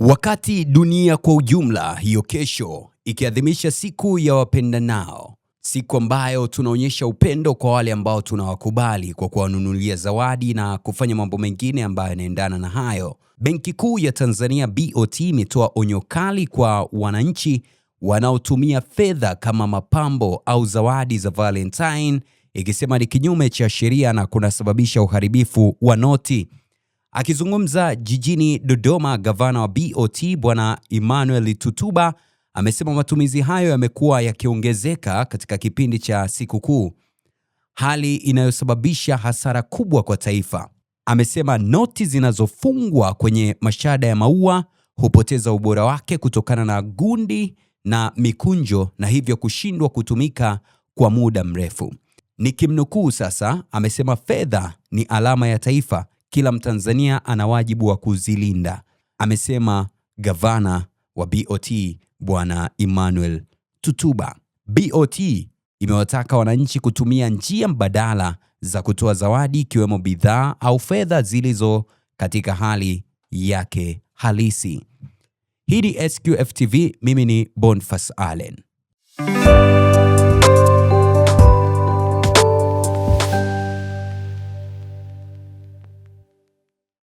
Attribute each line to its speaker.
Speaker 1: Wakati dunia kwa ujumla hiyo kesho ikiadhimisha siku ya wapendanao, siku ambayo tunaonyesha upendo kwa wale ambao tunawakubali kwa kuwanunulia zawadi na kufanya mambo mengine ambayo yanaendana na hayo, Benki Kuu ya Tanzania BOT imetoa onyo kali kwa wananchi wanaotumia fedha kama mapambo au zawadi za Valentine, ikisema ni kinyume cha sheria na kunasababisha uharibifu wa noti. Akizungumza jijini Dodoma, gavana wa BOT Bwana Emmanuel Tutuba amesema matumizi hayo yamekuwa yakiongezeka katika kipindi cha sikukuu, hali inayosababisha hasara kubwa kwa taifa. Amesema noti zinazofungwa kwenye mashada ya maua hupoteza ubora wake kutokana na gundi na mikunjo na hivyo kushindwa kutumika kwa muda mrefu. Nikimnukuu sasa, amesema fedha ni alama ya taifa kila Mtanzania ana wajibu wa kuzilinda, amesema gavana wa BOT Bwana Emmanuel Tutuba. BOT imewataka wananchi kutumia njia mbadala za kutoa zawadi ikiwemo bidhaa au fedha zilizo katika hali yake halisi. Hii ni SQF TV, mimi ni Bonfas Allen.